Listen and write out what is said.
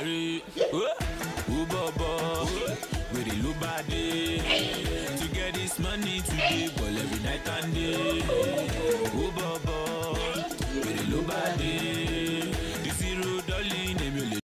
Mary. Ooh, Bobo. With the Lubadi. To get this money today, well, every night and day. Ooh, Bobo. With the Lubadi.